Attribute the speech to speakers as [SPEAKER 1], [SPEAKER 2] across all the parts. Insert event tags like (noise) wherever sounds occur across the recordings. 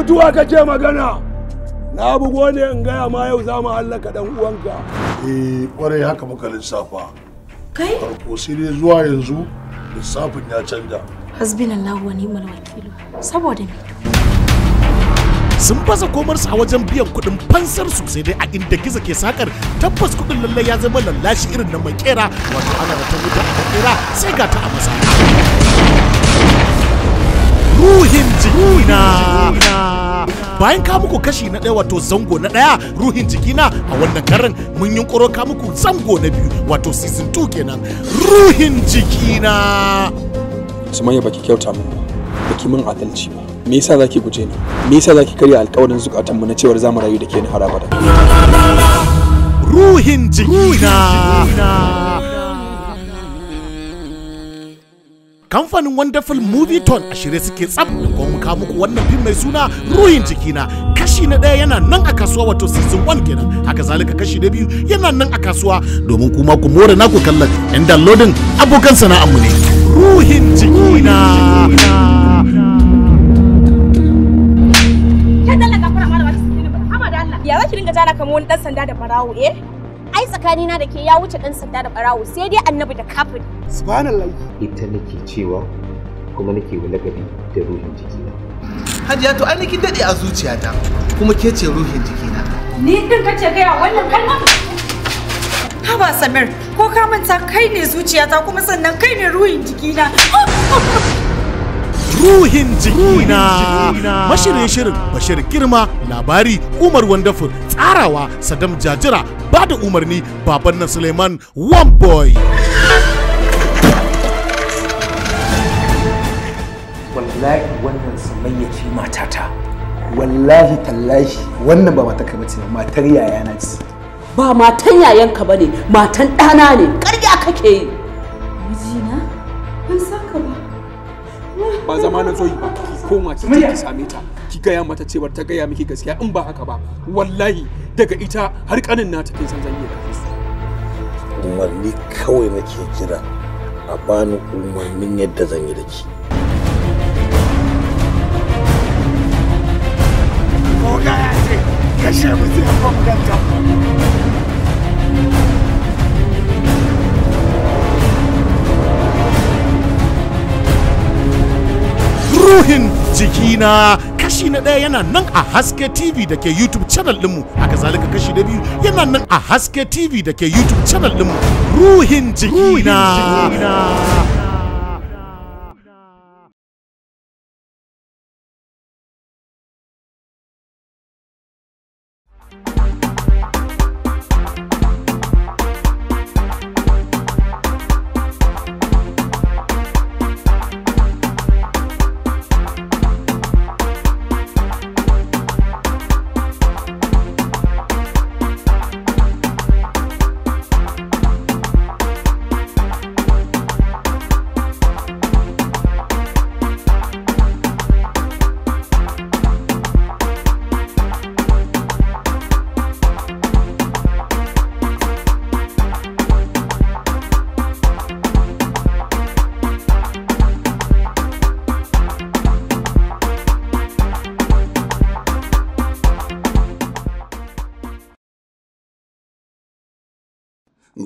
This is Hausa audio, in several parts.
[SPEAKER 1] mutuwa kake magana na bugo ne in gaya ma yau za mu hallaka dan uwanka eh kwarai haka muka lissafa
[SPEAKER 2] kai farko
[SPEAKER 1] sai dai zuwa yanzu lissafin ya canja
[SPEAKER 2] hasbinallahu wa ni'mal wakil saboda ni.
[SPEAKER 1] sun baza komar a wajen biyan kuɗin fansar su sai dai a inda gizo ke sakar tabbas kuɗin lallai ya zama lallashi irin na makera wato ana da ta wuta a makera sai ga ta a masa ruhin jikina bayan ka muku kashi na ɗaya wato zango na ɗaya ruhin jikina a wannan karin mun yi ƙoro ka muku zango na biyu wato season 2 kenan ruhin jikina
[SPEAKER 3] sumayya baki kyauta min baki min adalci ba me yasa zaki guje ni me yasa zaki karya alƙawarin zukatan mu na cewar mu rayu da ke ni har abada
[SPEAKER 1] ruhin jikina kamfanin wonderful movie ton a shirye suke tsab ko mu muka muku wannan film mai suna ruhin jikina kashi na ɗaya yana nan a kasuwa wato season 1 kenan haka zalika kashi na biyu yana nan a kasuwa domin kuma ku more naku kallon yan downloading abokan sana'armu ne ruhin jikina
[SPEAKER 2] ya za ki dinga jana kamar wani dan sanda da barawo eh ai tsakanina da ke ya wuce dan sanda da barawo sai dai annabi da
[SPEAKER 4] kafin.
[SPEAKER 3] subhanallahi ita nake cewa kuma nake lakabi da ruhin jikina
[SPEAKER 4] hajiya to ai kin dade a zuciyata kuma ke ce ruhin jikina ni din kace gaya wannan kalmar Haba Samir, ko ka manta kai ne
[SPEAKER 2] zuciyata kuma sannan kai ne ruhin jikina.
[SPEAKER 1] ruhin jikina mashirin shirin bashir girma labari umar wandafur tsarawa sadam jajira ba da umarni baban na suleiman one boy
[SPEAKER 4] wallahi wannan sumayya ce matata wallahi tallahi wannan ba matar bace ba matar yayana ce ba matan yayanka bane matan ɗana ne ƙarya kake yi
[SPEAKER 5] mijina ban san ka ba
[SPEAKER 3] ba zamanin zoyi ba ki koma ki same ta ki gaya mata cewar ta gaya miki gaskiya in ba haka ba wallahi daga ita har kanin nata kin san zan yi umarni kawai nake
[SPEAKER 1] kira a bani umarnin yadda zan yi da ki ruhin jikina kashi na ɗaya yana nan a haske tv da ke youtube channel ɗinmu haka zalika kashi na biyu yana nan a haske tv da ke youtube channel ɗinmu ruhin jikina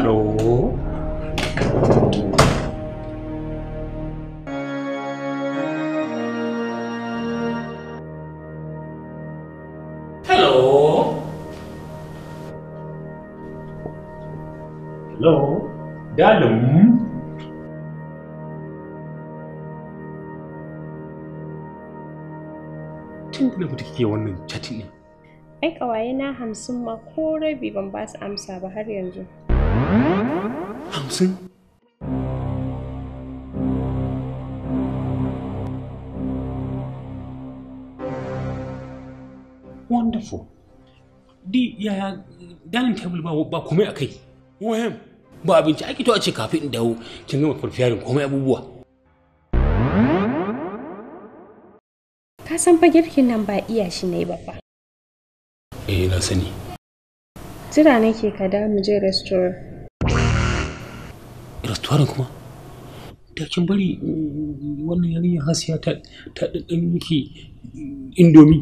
[SPEAKER 3] đủ hello hello đã đúng tun da mutu kike wannan chatting ne
[SPEAKER 4] ai kawaye na hamsin ma ko rabi ban ba su amsa ba har yanzu
[SPEAKER 3] hamsin di yaya dining table ba ba komai akai wahem ba abinci ake to a ce kafin in dawo kin gama farfiyarin komai abubuwa
[SPEAKER 4] ka san fa girkin nan ba iya shi ne ba Eh na sani. Jira nake ka da mu je restaurant.
[SPEAKER 3] restaurant kuma da kin bari mm, wannan yarinyar hasiya ta ta ɗanɗan miki indomi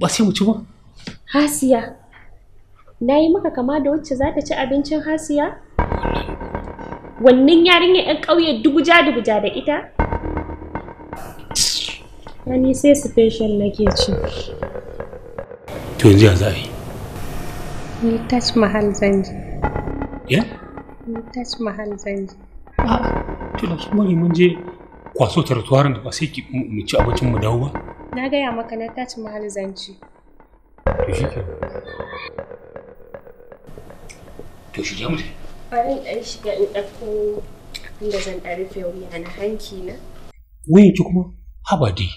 [SPEAKER 3] ba sai mu ci ba
[SPEAKER 4] hasiya na yi maka kama da wacce za ta ci abincin hasiya wannan yarinya 'yan ƙauye duguja ja da ita
[SPEAKER 5] Wani sai special nake ci.
[SPEAKER 3] To yanzu ya za a yi?
[SPEAKER 4] Ni tash Mahal zan yeah? Taj Mahal zan je. a'a ah,
[SPEAKER 3] to Tuna kuma mani mun je kwaso taratuwarin da ba sai ki mu ci abincin mu dawo ba.
[SPEAKER 4] Na gaya maka na Taj Mahal zan je.
[SPEAKER 5] To shi ke. To shi ke mutu.
[SPEAKER 4] Bari ɗan shiga in ɗauko inda zan ɗan rufe wuya na hanki na.
[SPEAKER 3] Wayan ki kuma haba dai.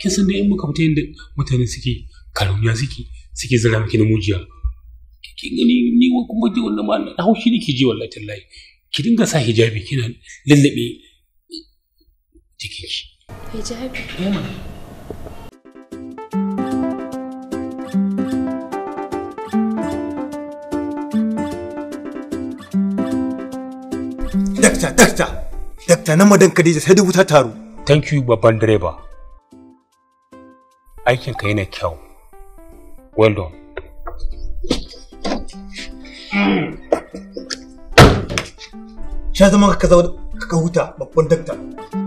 [SPEAKER 3] Kin san da in muka fita yadda mutane suke kaluniya suke suke zira miki na mujiya. kin gani ni kuma ji wannan ma na haushi nake ji wallahi tallahi ki dinga sa hijabi kina lallabe jikin shi
[SPEAKER 2] hijabi
[SPEAKER 5] eh
[SPEAKER 3] dakta dakta dakta na madan Khadija sai dubu ta taru thank you babban direba aikin ka yana kyau well done
[SPEAKER 4] Sha zama ka huta babban dakta.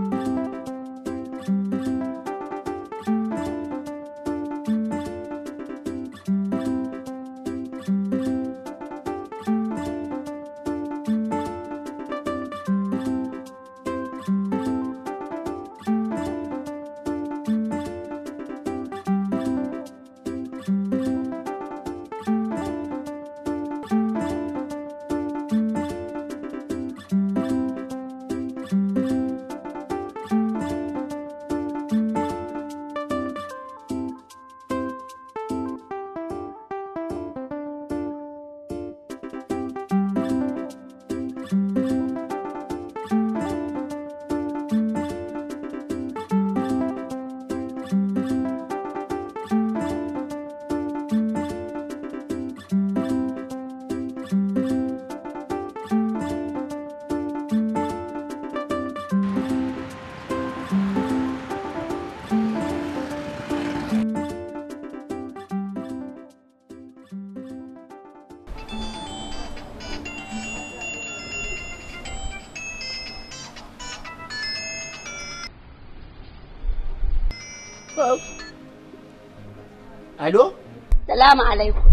[SPEAKER 4] Assalamu alaikum.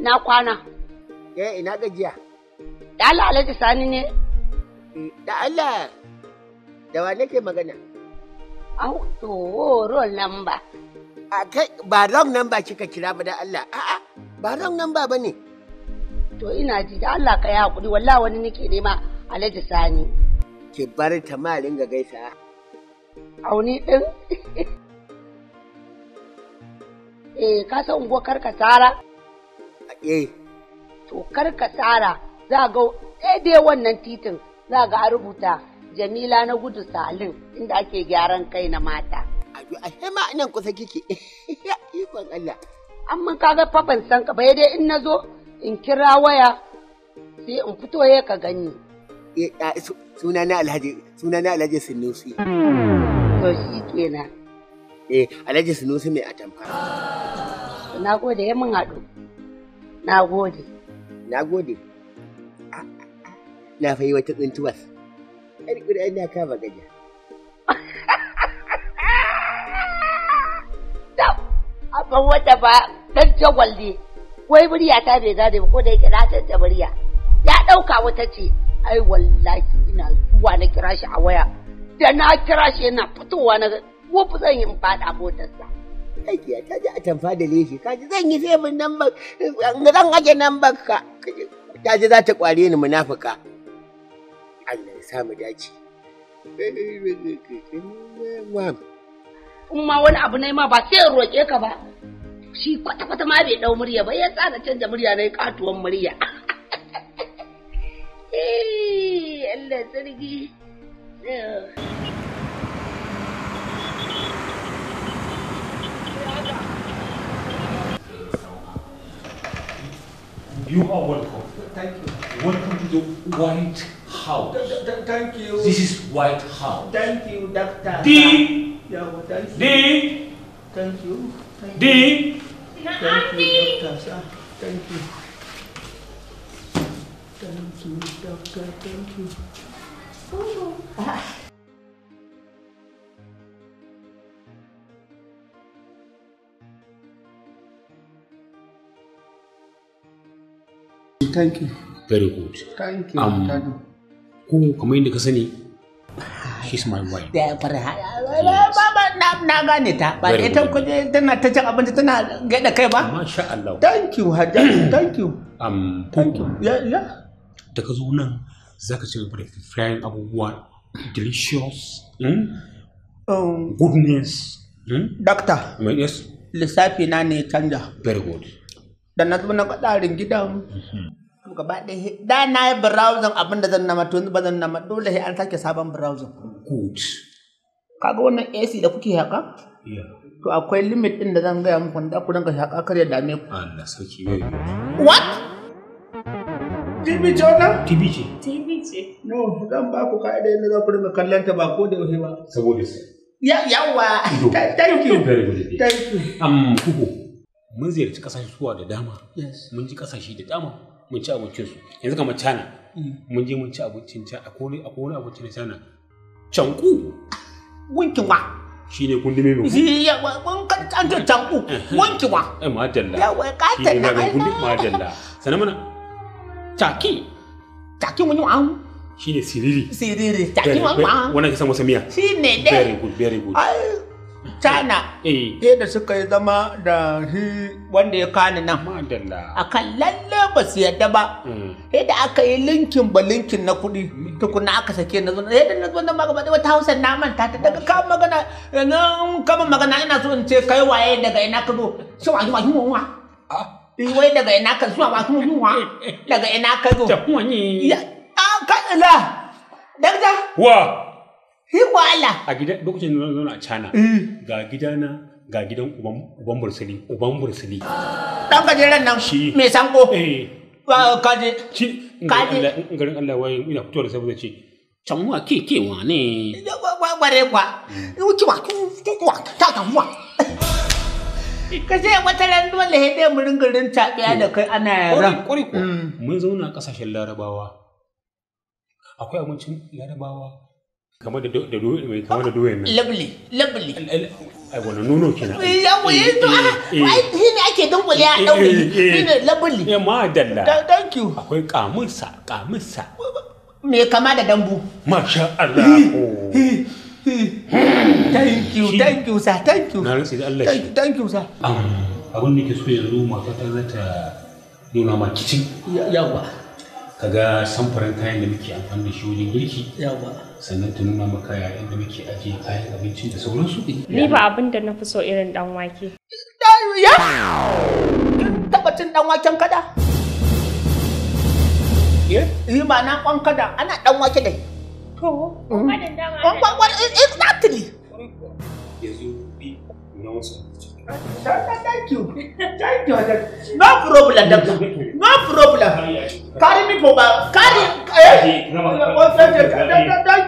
[SPEAKER 4] Na kwana. Eh ina gajiya.
[SPEAKER 2] Da Allah alaji Sani ne? Mm, da Allah da wa nake magana?
[SPEAKER 4] Au to roll number. A kai ba wrong number kika kira ba da Allah. A'a ba wrong number bane. To ina ji da
[SPEAKER 2] Allah ka yi hakuri wallahi wani nake nema alaji Sani.
[SPEAKER 4] Ki bar ta ma ringa gaisa.
[SPEAKER 2] Auni din. (laughs) eh ka san unguwar tsara? eh to tsara, za ga daidai wannan titin za ga a rubuta jamila na gudu salin inda ake gyaran kai na mata a hema nan kusa
[SPEAKER 4] kike (laughs) ikon Allah
[SPEAKER 2] amma kaga fa ban san ka bai dai in nazo in kira waya sai
[SPEAKER 4] in fito ya ka gani Eh, sunana alhaji na alhaji sinusi to shi kenan eh alhaji sunusi mai atamfa
[SPEAKER 2] na gode ya mun haɗu na gode
[SPEAKER 4] na gode ah, ah, na fayi wata tsintuwas yar guda ina kama gajiya
[SPEAKER 2] ban wata ba dan jagwal ne wai murya ta bai zade ba ko da yake na canza murya ya ɗauka wata ce ai wallahi ina zuwa na kira shi a waya da na kira shi yana fitowa na Kofi zan yi faɗa motarsa.
[SPEAKER 4] Aiki ta ji a tamfa da leshi, Kaji zan yi sebin nan ba, zan aje nan ba ka. Ta ji za ta ƙware ni munafuka. Allah ya sa mu dace.
[SPEAKER 2] Umma ma wani abu na ma ba sai in roƙe ka ba. Shi kwata-kwata ma bai ɗau murya ba, ya sa na canja murya na yi ƙatuwan murya. (laughs) Allah sarki.
[SPEAKER 3] You are welcome. Thank you. Welcome to the White House. Th
[SPEAKER 4] th thank you. This
[SPEAKER 3] is White House.
[SPEAKER 4] Thank you, Doctor. D. Yeah, well, thank you. D. Thank you.
[SPEAKER 3] Thank D. You.
[SPEAKER 4] Thank you, Doctor. Thank you.
[SPEAKER 5] Thank you, Doctor. Thank you. Oh. (laughs)
[SPEAKER 3] thank you. Very good. Thank you. Um, thank you. kamar yadda ka sani, she's my wife.
[SPEAKER 4] na ta, ba ita ta cin abinci tana gaida kai ba?
[SPEAKER 3] Masha Allah. Thank you, (clears throat) thank you. Um, thank you. Yeah, yeah. Da ka zo ci abubuwa delicious, mm? um, goodness. Hmm? Doctor. Yes.
[SPEAKER 4] Lissafi na ne canja. Very good. Da na zo na gidan. Mm gaba ɗaya da na yi browsing abin da zan nama to ba zan nama dole sai an sake sabon browsing good kaga wannan AC da kuke haka to akwai limit din da zan gaya muku da ku dinga haka kar ya dame ku
[SPEAKER 5] Allah sarki what TV ce wannan? TV
[SPEAKER 4] ce. TV ce. No, zan ba ku ka'ida yadda za ku dinga kallon ta ba ko da yaushe ba. Saboda su. Ya yawa.
[SPEAKER 3] Thank you. Thank you. Am kuku. Mun ziyarci kasashe suwa da dama. Yes. Mun ji kasashe da dama. mun ci abincin su yanzu kamar cana mun je mun ci abincin a kone a kone abincin na cana canku wankin wa shi ne kundume mai shi
[SPEAKER 4] ya kun kan ta
[SPEAKER 3] canku wanki wa eh madalla ya wai ka ta na ai kundume madalla sanan mana taki taki mun yi wa shi ne siriri siriri taki mun wa wannan kisan wasa miya shi ne dai very good very good china sai
[SPEAKER 4] eh. da suka yi zama da shi wanda ya kani nan a kan lalle ba su yadda ba sai mm. da aka yi linkin ba linkin na kuɗi tukuna aka sake na zuwa sai da na zuwa na magana da wata hausa na manta ta daga kama magana nan kama magana ina so in ce kai waye daga ina ka zo shi wa wa wa ah. eh, wai daga ina ka zuwa wa wa daga ina ka zo ta kuma ni a ah, kan ila Dagda.
[SPEAKER 3] wa Hi ko Allah. A gida lokacin da zauna a cana. Eh. Ga gidana ga gidan uban Bursali, uban bursuli. Dan jiran nan mai sanko. Eh. Kaje. Kaje. Garin Allah waye ina fito da saboda ce. Can wa ke ke wa ne. re
[SPEAKER 4] kwa. Ku mm. Ki wa ku ki wa ta ta mu. Ka ce wata ran dole da dai mu ringa rin tabiya da kai ana yaran.
[SPEAKER 3] Kwari kwari ko. Mun zauna kasashen Larabawa. Akwai abincin Larabawa kamar da da mai kamar da doyen nan lovely lovely ai wannan nono kenan eh, yawo yin eh, to ah, eh, ai shi
[SPEAKER 4] ake dangwale a daure
[SPEAKER 3] shi ne lovely ya ma dalla thank you akwai kamusa kamusa
[SPEAKER 4] me kama da dambu
[SPEAKER 3] masha Allah oh. thank you thank you sir thank you na Allah shi thank you sir ah. abin ne ke so yanzu mata ta ta nuna ma kicin yawa kaga samfuran kayan da muke amfani da shi wajen girki yawa sannan ta nuna maka yayin da muke ajiye kayan abinci da sauransu. Ni ba
[SPEAKER 4] abin da na fi so irin dan wake. Ya! Taɓa cin dan waken kada? Yi ma kwan kada ana dan wake dai. To, Kwan
[SPEAKER 3] mm. kwan
[SPEAKER 4] eh, exactly.
[SPEAKER 3] Thank you.
[SPEAKER 4] Thank you. No problem, doctor. No problem. Carry me for carry. Eh?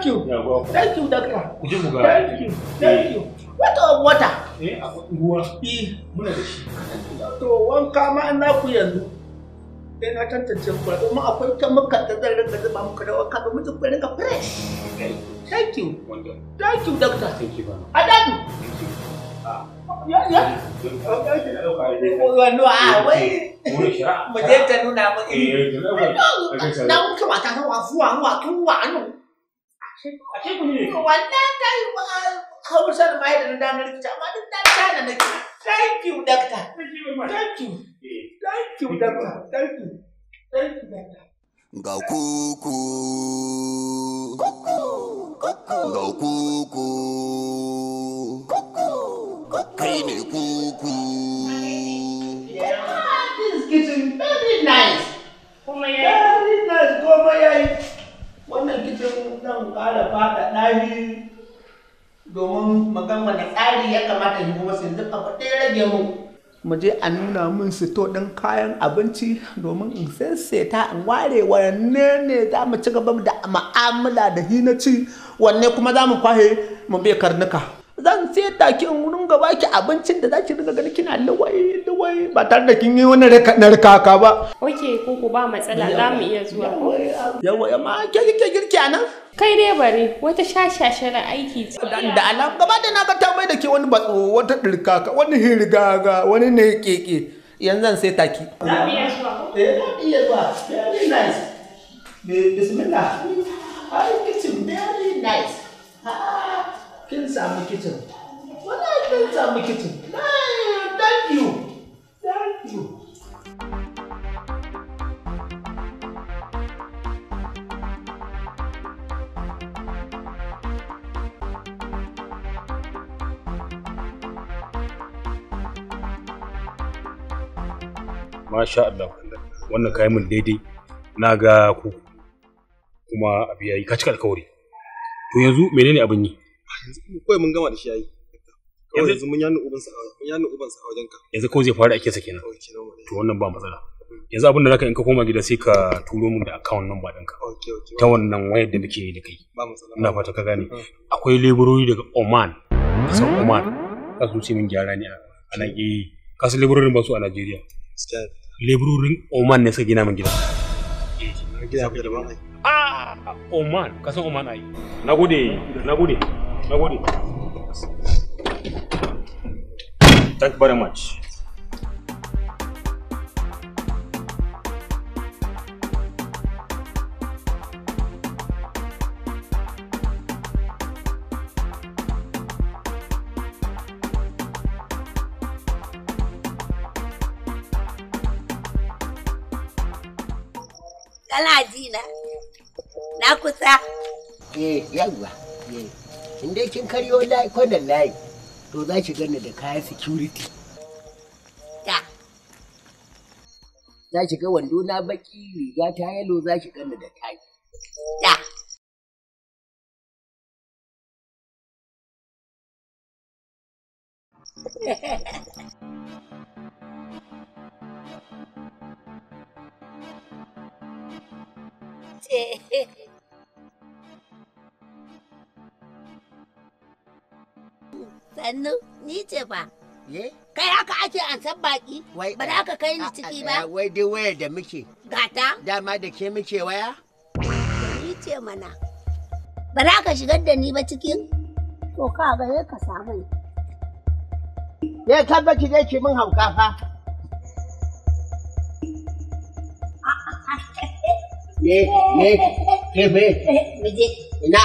[SPEAKER 3] Thank you. Thank you, Thank you. Eh,
[SPEAKER 4] Thank you. What of water? Eh,
[SPEAKER 3] ruwa. Eh, muna da shi.
[SPEAKER 4] To wanka ma an ku yanzu. Eh, na tantance ku domin akwai kan maka da zan rinka zuba da wanka rinka fresh. Thank you. Thank you,
[SPEAKER 3] Thank you. Ah. Ya, ya.
[SPEAKER 4] Ah, a Eh, ashe ku wannan ta yi hausar ma da na danar kici amma duk na tana na kici thank you doctor thank you eh. thank you doctor thank you thank you doctor
[SPEAKER 5] ga kuku ga kuku kai ne kuku
[SPEAKER 4] zafi domin magan wani tsari ya kamata yi kuma sun zuba kuɗi rage mu mu je a nuna min sito ɗin kayan abinci domin in sanseta in ware wanne ne za mu ci gaba da ma'amala da hinaci wanne kuma za mu kwahe mu bai karnuka zan sai da ki in ringa baki abincin da zaki ringa gani kina lawai lawai ba tare da kin yi wani narkaka ba oke ko ku ba matsala za mu iya zuwa yawa amma ke kike girki anan kai dai bare wata shashashara aiki ce da alam gaba da na ga ta mai da ke wani batso wata dirkaka wani hirgaga wani ne keke yanzu zan sai taki za mu iya zuwa eh za mu iya zuwa very nice bismillah ai kitchen very nice kin sami kitchen wala kin sami kitchen thank you thank you
[SPEAKER 3] Masha Allah wannan kayan mun daidai na ga ku kuma abu ka cika alkawari to yanzu menene abin yi kawai mun gama da shi yayi yanzu mun yanni uban sa mun yanni uban sa wajen ka yanzu kawai zai faru ake sa kenan to wannan ba matsala yanzu abin da zaka in ka koma gida sai ka turo mun da account number ɗinka ta wannan wayar da muke yi da kai ina fata ka gane mm-hmm. akwai leburori daga Oman kasar Oman ka su ce min gyara ne a nan eh kasu leburorin ba su a Najeriya leburorin Oman ne suka gina min gida gida ka da ba ai a ah, Oman kasan Oman ai nagode nagode Na gode. Thank you very much.
[SPEAKER 2] Kana ji na? Na kusa.
[SPEAKER 4] Eh, yawwa. in dai kin karyo layi kwanan layi to za ki gani da kayan security
[SPEAKER 5] za ki ga wando na baki riga ta yalo za ki gani da tayi, Yeah. (laughs)
[SPEAKER 4] sannu ni ce fa kai haka ake an san baki ba da haka kai ni ciki ba wai dai waya da muke gata dama da ke muke waya ni ce mana ba da ka shigar da ni ba cikin to ka ga ka samu ya tabba ki je min hauka fa
[SPEAKER 2] ne ne
[SPEAKER 4] ke ina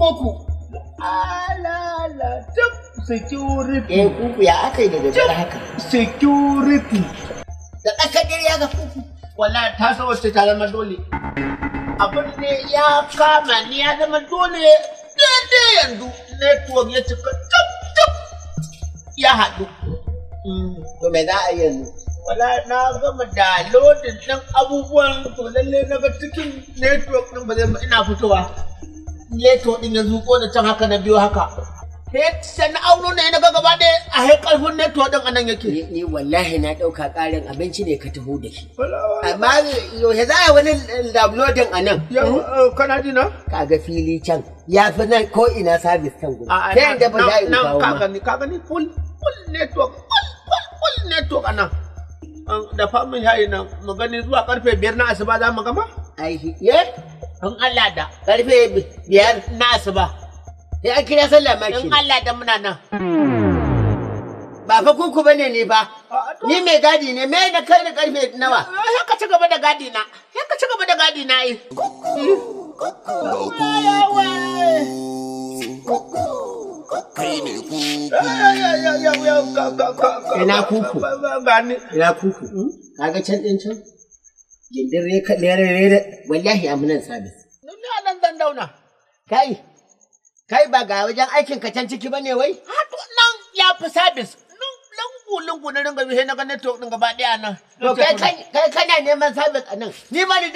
[SPEAKER 4] koko alala tab security eh koko ya aka yi da daddare haka security da tsakadar ya ga koko wallahi ta so wacce ta zama dole abin ne ya kama ni ya zama dole daidai yanzu network ya cika tab tab ya haɗu hmm, to me za a yi yanzu wala na gama da loading ɗin abubuwan to lallai na ga cikin network ɗin ba zai ina fitowa leto din ya zuko da can haka na biyo haka sai na auno ne na ga gaba ɗaya a hai karfin neto din anan yake ni wallahi na ɗauka ƙarin abinci ne ka taho da shi amma yaushe za a wani downloadin a nan hmm? eh, kana ji na kaga fili can ya fi nan ko ina sabis can gudu sai da ba za a yi kawo ma kaga ni kaga ni full full network full full network anan dafa min shayi nan mu gani zuwa karfe biyar na asuba za mu gama? Aishi. Ye? an Allah da. Karfe biyar na asuba. ya kira sallah ma An Allah da muna nan. Ba fa kuku bane ne ba. Ni mai gadi ne me da kai da karfe nawa? Ya eh, eh, ka ci gaba da gadi na. Ya eh, ka ci gaba da gadi na ai. Kuku.
[SPEAKER 5] Kuku. Kuku. Kuku.
[SPEAKER 4] kai ne kuku ina kuku ina kuku hmm? kaga can ɗin can gindin reka rere wallahi munan sabis na nan dan dauna kai kai ba ga wajen aikin ka can ciki ne wai ha to nan ya fi sabis lungu-lungu na ringa bihe na ganin to gaba daya nan. kai kana neman sabis a nan. Ni ma ni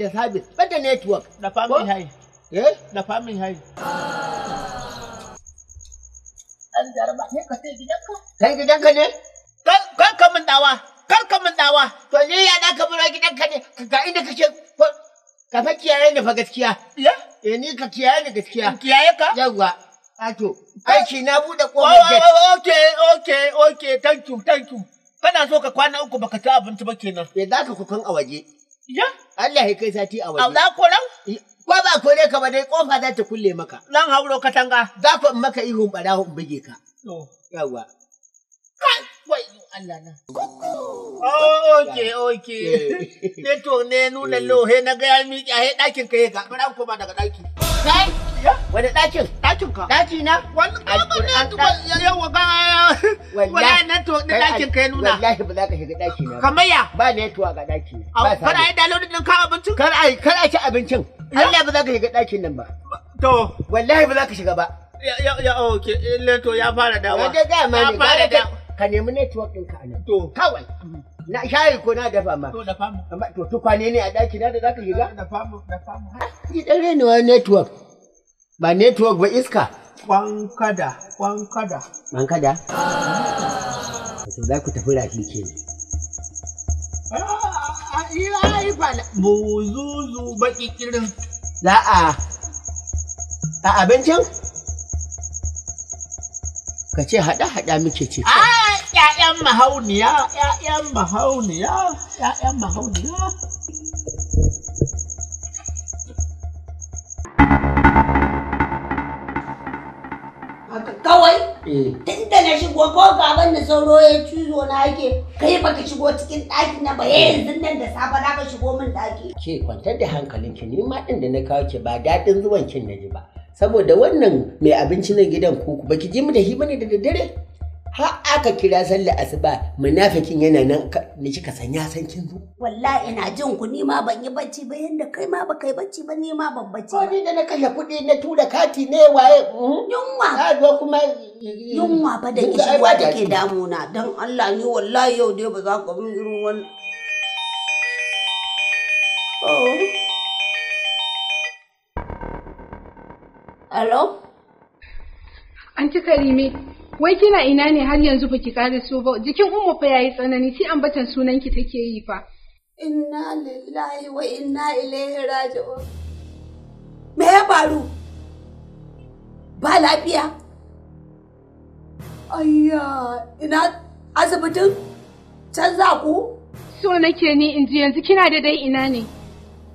[SPEAKER 4] da sabis, ba da network. Da famin hai. Eh? Da famin hai.
[SPEAKER 5] an ka
[SPEAKER 4] Kai gidanka ne? Kar ka min dawa, kar ka min dawa. To ni ya na ka bura gidanka ne, ga inda kake ka fa kiyaye ni fa gaskiya. Ya? Eh ni ka kiyaye ni gaskiya. Kiyaye ka? Yawwa. Ato, aiki na bude kofar oh, gate. Oh, oh, okay, okay, okay, thank you, thank you. Kana so ka kwana uku baka ci abinci ba kenan. Eh za ka kukan a waje. Ya? Allah ya kai sati a waje. Allah koran? Eh, ko ba kore ka ba dai kofa za ta kulle maka. Zan hauro katanga. Za ku maka ihun barawo in bige ka. To. Yawwa. Kai, wai Allah na. Oke, oke. Eh. (laughs) Eh, to ne nuna eh. lohe na ga ya miƙe he dakin ka ya ga. Bara koma daga dakin. Kai. Wani dakin? Dakin ka. Daki na? Wani kama ne yawa ga wala network ɗin dakin ka ya nuna. Wallahi ba za ka shiga daki na. Kamar ya? Ba tuwa ga daki. Kar a yi dalolin ɗin ka abincin? Kar a yi, kar a ci abincin. Allah ba za ka shiga ɗakin nan ba. To. Wallahi ba za ka shiga ba. Ya ya oke oh, eh, leto ya fara dawa. Wanda ga ma ne ga ka nemi network ɗinka a nan. To. Kawai. Na shayi ko na dafa ma. To dafa mu. Amma to tukwane ne a ɗaki na da za ka shiga? Dafa mu dafa mu. Ki ɗan wa network. Ba network ba iska. Kwankada kwankada. Kwankada? Za ku tafi rafi kenan. Ah! ilahi fala buzuzu baki kirin za a a abincin ka ce haɗa-haɗa muke ce a
[SPEAKER 5] ƴaƴan mahauniya
[SPEAKER 4] ƴaƴan mahauniya
[SPEAKER 5] ƴaƴan mahauniya
[SPEAKER 2] kawai eh. tun da na shigo ko gaban da sauro ya cizo na yake kai baka shigo cikin ɗaki na ba eh, yanzu nan da safe na ka shigo min daki
[SPEAKER 4] Ke kwantar da hankalinki ni ma ɗin da na kawo ki ba daɗin zuwan kin na ba. Saboda wannan mai abinci na gidan kuku. ba ki ji mu da hi bane da daddare. har aka kira sallar asuba munafikin yana nan ni kika san ya san kin zo
[SPEAKER 2] wallahi ina jin ku ni ma ban yi bacci ba yanda kai ma ba kai bacci ba ni ma ban bacci ko ni da na kashe kuɗi na tura kati ne waye hmm? yunwa ka zo kuma yunwa ba da Wa take damuna dan Allah ni wallahi yau dai ba za ka min irin wannan oh Hello? An ci karime. Wai kina ina ne har yanzu ki kare so ba? Jikin Umma fa yayi tsanani, sai ambatan sunan ki take yi fa. Inna lillahi wa inna ilaihi raji'un. Me ya faru? Ba lafiya? Ayya, ina asibitin? Can za ku? So nake ni in ji yanzu kina da dai ina ne?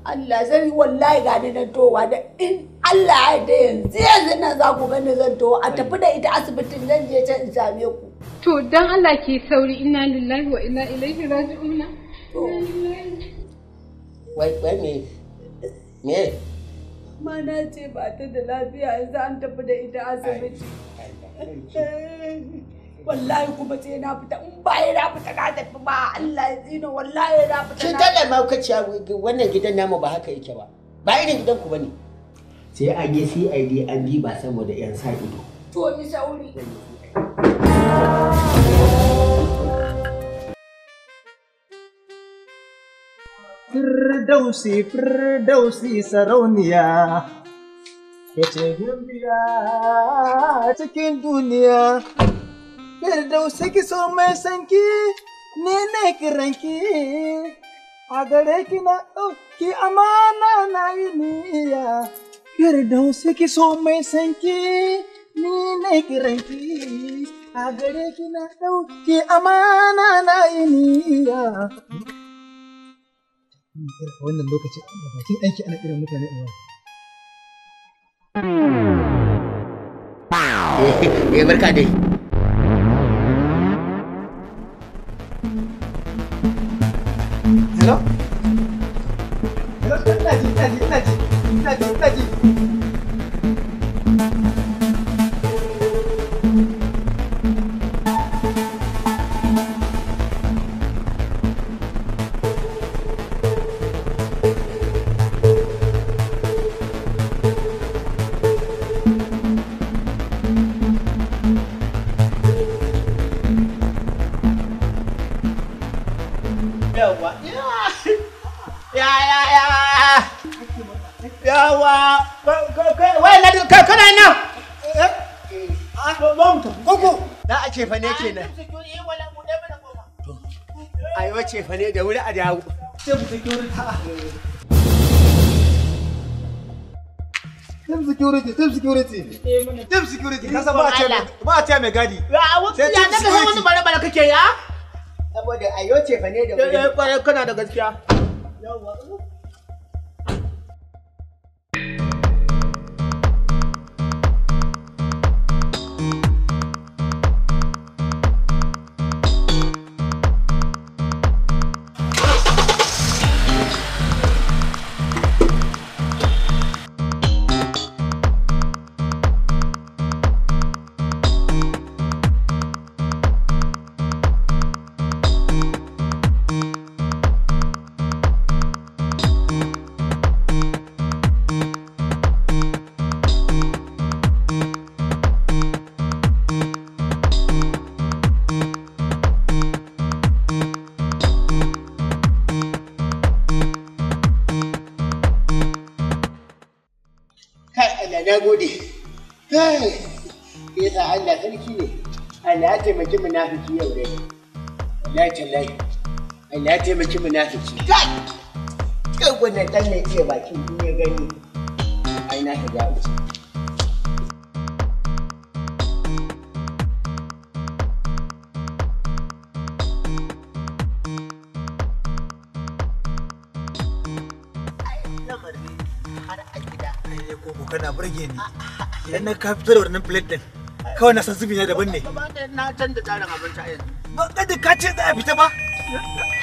[SPEAKER 2] Allah zai wallahi ga ni nan towa da in Allah ya da yanzu yanzu nan za ku gani zan to a tafi da ita asibitin zan je can in same ku. To dan Allah ke sauri inna lillahi wa inna ilaihi raji'una.
[SPEAKER 4] Wai wai me me ma na ce ba ta da lafiya yanzu an tafi da ita asibiti. Wallahi kuma sai na fita in Ba ya fita na tafi ba Allah ya zina wallahi ya fita. Kin tada ma kaciya wannan gidan namu ba haka yake ba. Ba irin gidan ku bane. sai a yi cid an ba saboda 'yan sa ido
[SPEAKER 2] to ni sauri
[SPEAKER 4] Firdausi, Firdausi sarauniya, ke gumbiya cikin duniya. Firdausi ki so mai sanki, ne ne kiranki, a gare ki na ɗauki amana na yi niyya. Yar ki so mai sanki ni
[SPEAKER 5] ne kiranki a que na que amana na iniya.
[SPEAKER 4] wannan bakin aiki ana mutane a wani. Eh, barka dai. Hello?
[SPEAKER 5] Hello, ina ji, ina ji, ina ji.
[SPEAKER 4] a yi wace fa ne da wuri a security security, security. kasa ba ce ba ce mai gadi. wuce ya daga wani bare bare kake ya? Saboda fa ne da wuri. Eh, eh, kana da gaskiya.
[SPEAKER 5] Yawwa.
[SPEAKER 4] munafiki yau dai wallahi tallahi Allah ya taimaki munafiki kai kai wannan dan ne ke bakin in ya gani ai na ta gawo har kana burge ni. Dan na ka fitar wannan plate din. kawai na san zubi ne daban ne. Na canza tsarin abinci a yanzu. Ba ka ce za a fita ba?